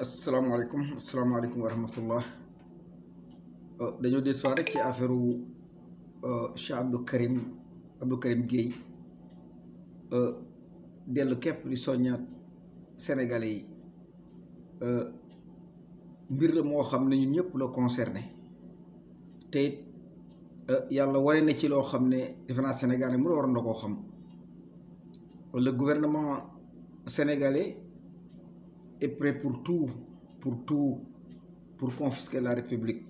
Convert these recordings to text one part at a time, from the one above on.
Assalamualaikum, assalamualaikum warahmatullah. rahmatullah dañoo des fois rek ci Cheikh Abdou Karim Abdou Karim euh delu kep di soñat sénégalais yi eh, mbir la moo xam ñun ñëpp la concerné té euh yalla waré na ci lo xamné ne sénégalais mu war na ko xam le gouvernement sénégalais. est prêt pour tout, pour tout, pour confisquer la république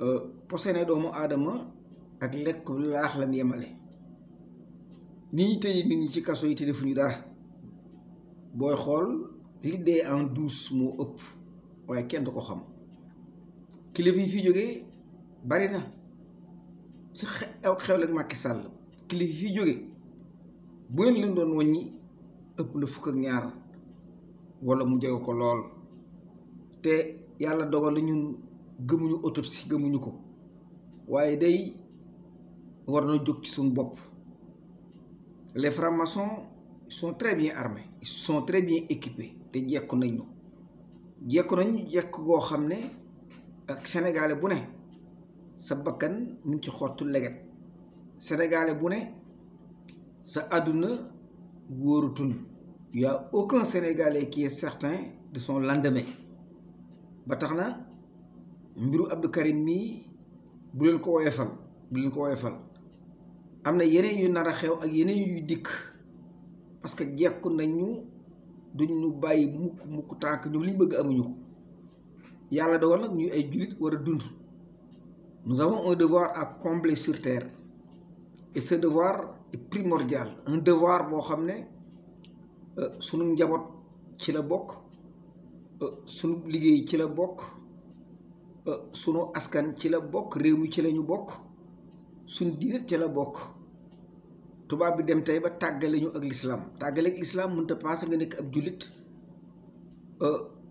euh, posé ne doomu aadama ak lekk laax lan yemale ni ñu tëjee nit ñi ci kaso yi te defuñu dara booy xool li en douce moo ëpp waaye kenn du ko xam kilifa yi fi jógee barina. na ci xew xewle ak Macky Sall kilifa yi fi jógee bu ngeen leen doon wàññi ëpp na fukk ak ñaar wala mu jege ko lool te yàlla dogal ñun gëmuñu autopsie gëmuñu ko waaye day war na jóg ci suñu bopp les francs-maçons sont très bien armés ils sont très bien équipés te jekku nañ ñu jekku nañ jekk goo xam ne ak sénégalais bu ne sa bakkan mu ngi ci xottu leget sénégalais bu ne sa àdduna wóorutul il n'y a aucun Sénégalais qui est certain de son lendemain ba tax mbiru Abdou Karim mii bu leen ko woyefal bu leen ko woyefal Amna yeneen yu nar xew ak yeneen yu dik. parce que jekku nañu duñ ñu bàyyi mukk mukk tank, ñoom li ñu bëgg amuñu ko yàlla dogal nag ay djulit wara dund nous avons un devoir à combler sur terre et ce devoir est primordial un devoir bo xamne, Euh, sunu njabot ci la bok euh, sunu liggéey ci la bok euh, sunu askan ci la bok réew mi ci lañu bok sunu diine ci la bok tuba bi dem tay ba tàggale ñu ak l'islam tàggale ak mën ta pass nga nek ab julit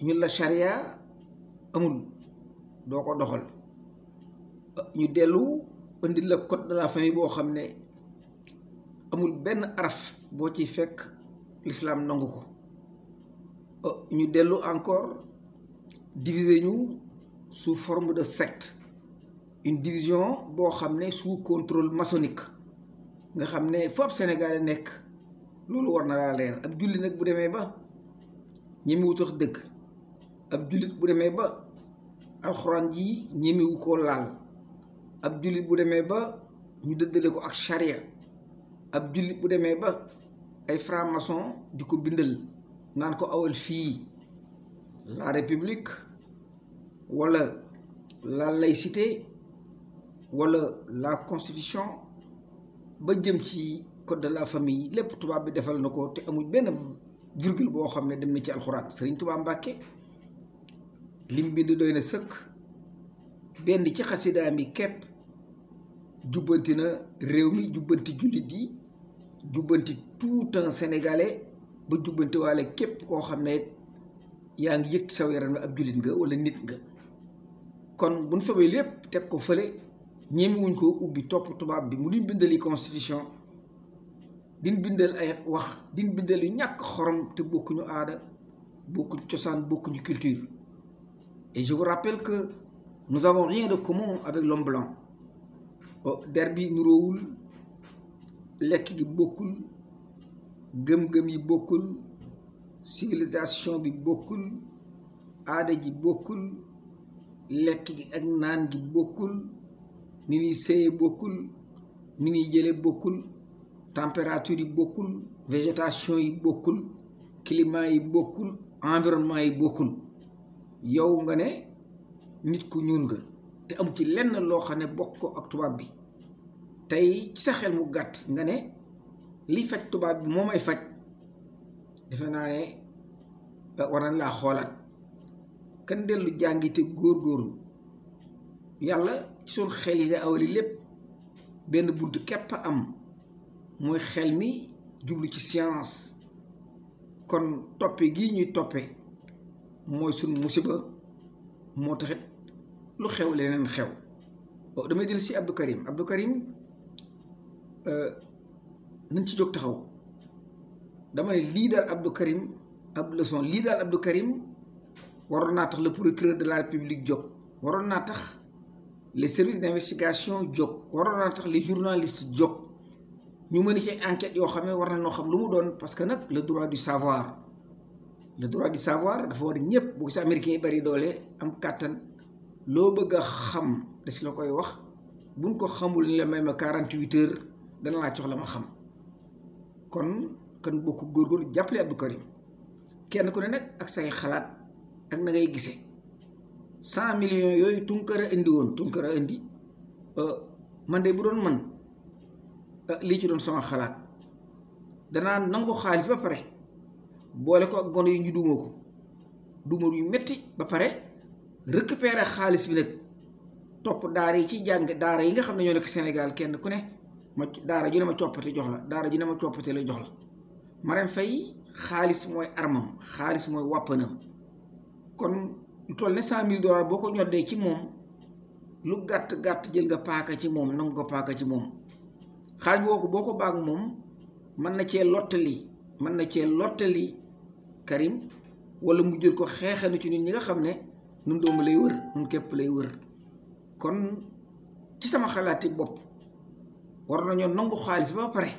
ñun la sharia amul doko ko doxal ñu delu andi la code de la famille bo xamne amul ben araf bo ci fekk l'islam nangu ko oh, ñu dellu encore diviser ñu sous forme de secte une division bo xamné sous contrôle maçonnique nga xamné fop sénégalais nek lolu nekk loolu war na laa leer ab julli nag bu démé ba ñimi wu tax deug ab jullit bu démé ba alcorane ji wu ko laal ab jullit bu démé ba ñu dëddelé ko ak charia ab bu démé ba ay franc-maçon di bindal naan ko la république wala la laïcité wala la constitution ba jëm ci code de la famille lépp tubaab bi defal na te amuñ virgule boo xam dem na ci alxuraan sëriñ Mbàkke lim bind doy na sëkk ci jubbanti tout un sénégalais ba jubbanti waale képp ko xamné ne yaa ngi yëg sa yaram ab jullit nga wala nit nga kon buñ fa fabee lépp teg ko fële wuñ ko ubbi topp tubaab bi mu di bindali constitution din bindal ay wax din bindal yu ñàkk xorom te bokkuñu aada bokkuñu cosaan bokkuñu culture et je vous rappelle que nous avons rien de commun avec l'homme blanc oh, der bi nuroowul lekk gi bokkul gëm-gëm yi bokkul civilisation bi bokkul aada ji bokkul lekk gi ak naan gi bokkul ni ñuy sëye bokkul ni ñuy jële bokkul température yi bokkul végétation yi bokkul climat yi bokkul environnement yi bokkul yow nga ne nit ku ñuul nga te am ci lenn loo xam ne bokk ko ak tubaab bi tey ci sa xel mu gàtt nga ne li faj tubaab bi moo may faj defe naa ne euh, war nañ laa xoolaat kan dellu jàngite góor góorgóorlu yàlla suñ xel yi da awali lépp benn bunt képp am mooy xel mi jublu ci science kon toppe gii ñuy toppe mooy suñ musiba moo taxit lu xew leneen xew oh, damay del si Abdou Karim Abdou Karim Euh, nañ ci jóg taxaw dama ne lii daal Abdou Karim ab leçon lii daal Abdou Karim waroon naa tax la pour procureur de la République jóg waroon naa tax les services d'investigation jóg waroon naa tax les journalistes jóg ñu mën ci enquête yoo xam ne war na noo xam lu mu doon parce que nag le droit du savoir le droit du savoir dafa war ñëpp bu ko si américain yi bari doole am kàttan loo bëgg a xam da si la koy wax buñ ko xamul ni la may ma quarante-huit dana laa jox la ma xam kon kan bokk góorgóorlu jàppale Abdou Karim kenn ku ne nag ak say xalaat ak na ngay gisee cent millions yooyu Tunkara indi woon Tunkara indi euh, man de bu doon man euh, li ci doon sama xalaat danaa nangu xaalis ba pare boole ko ak gone yi ñu duma ko duma yu metti ba pare récupérer xaalis bi nag topp daara yi ci jàng daara yi nga xam ne ñoo nekk Sénégal kenn ku ne ma daara ju ne ma coppati jox la daara ji ne ma coppati la jox la Marème fay xaalis mooy armam xaalis mooy wàppanam kon lu toll ne cent mille dollars boo ko ñoddee ci moom lu gàtt gàtt jël nga paaka ci moom nangu ko paaka ci moom xaaj woo ko boo ko baag moom mën na cee lottali mën na cee lottali Karim wala mu jël ko xeexanu ci ñun ñi nga xam ne nun doomu lay wër nun képp lay wër kon ci sama xalaati bopp war nañoo nangu xaalis ba pare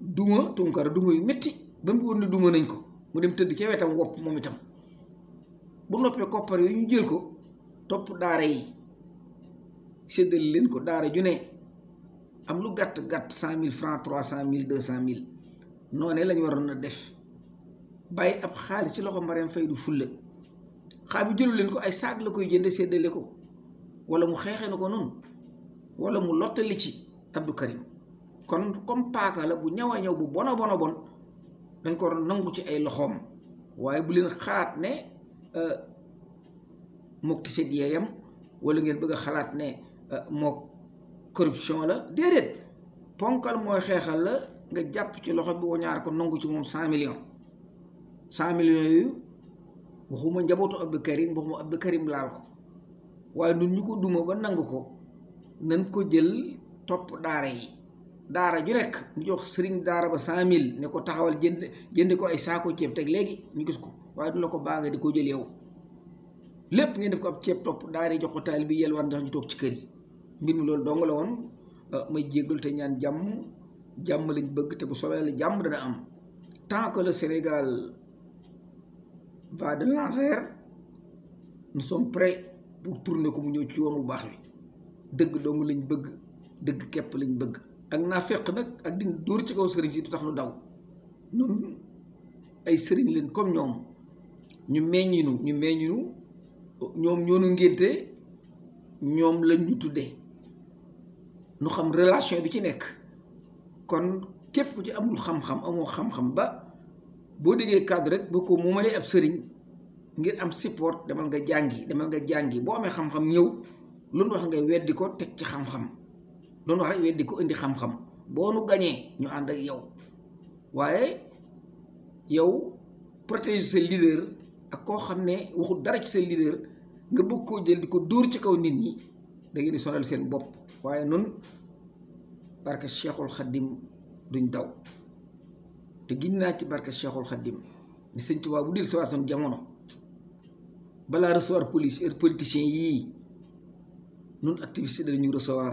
duma tunkara duma yu métti ba mu wóor ne duma nañ ko mu dem tëdd ca wetam wopp moom itam bu noppee koppar yooyu ñu jël ko topp daara yi séddale leen ko daara ju ne am lu gàtt gàtt cent mille francs trois cent mille deux cent mille noonee lañ waroon a def bàyyi ab xaalis ci loxo Mariam Faye du fulla xaa bu jëlu leen ko ay saag la koy jënde séddale ko wala mu xeexee na ko noonu wala mu lottali ci Abdou Karim kon comme paaka la bu ñaw a ñëw bu bon a bon a bon dañ ko nangu ci ay loxoom waaye bu leen xalaat ne euh, mook tisit yeeyam wala ngeen bëgg a xalaat ne euh, mook corruption la déedéet ponkal mooy xeexal la nga jàpp ci loxo bi wañaar ko nangu ci moom cent millions cent millions yu waxuma njabootu Abdou Karim waxuma Abdou Karim laal ko waaye nun ñu ko duma ba nangu ko nan ko jël topp daara yi daara ju nekk mu jox sëriñ daara ba cent mille ne ko taxawal jënd jënd ko ay saako ceeb teg léegi ñu gis ko waaye du la ko baax nga di ko jël yow lépp ngeen def ko ab ceeb topp daara yi jox ko taal bi yelwaan ndax ñu toog ci kër yi mbir mi loolu dong la woon ah, may jéggal te ñaan jàmm jàmm lañ bëgg te bu soobee jàmm dana am tant que le Sénégal va de l'enfer nous sommes pour tourner ko mu ñëw ci woon bu baax wi dëgg dong lañ bëgg dëgg képp lañ bëgg ak naa feq nag ak di dóor ci kaw sëriñ si du tax nu daw ñun ay sëriñ leen comme ñoom ñu meññinu ñu meññinu ñoom ñoonu ngénte ñoom lañ ñu tuddee nu xam relation bi ci nekk kon képp ku ci amul xam-xam amoo xam-xam ba boo déggee cadre rek boo ko moomalee ab sëriñ ngir am support demal nga jàngi demal nga jàngi boo amee xam-xam ñëw lu nu wax nga weddi ko teg ci xam-xam doon wax rek weddi ko indi xam-xam boo nu gagné ñu ànd ak yow waaye yow protéger sa leader ak koo xam ne waxul dara ci sa leader nga bëgg koo jël di ko dóor ci kaw nit ñi da ngeen di sonal seen bopp waaye nun barka cheikhul xaddim duñ daw te giñ naa ci barka cheikhul xaddim ni sëñ Tuubaa bu dil si sonu jamono bala recevoir police et politicien yii nun activiste dañu recevoir